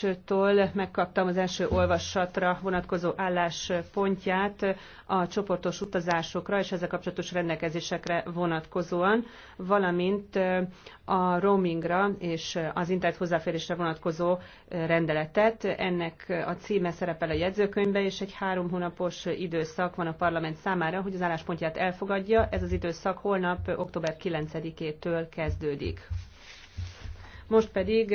tanácstól megkaptam az első olvasatra vonatkozó álláspontját a csoportos utazásokra és ezzel kapcsolatos rendelkezésekre vonatkozóan, valamint a roamingra és az internet hozzáférésre vonatkozó rendeletet. Ennek a címe szerepel a jegyzőkönyvben és egy három hónapos időszak van a parlament számára, hogy az álláspontját elfogadja. Ez az időszak holnap október 9-től kezdődik. Most pedig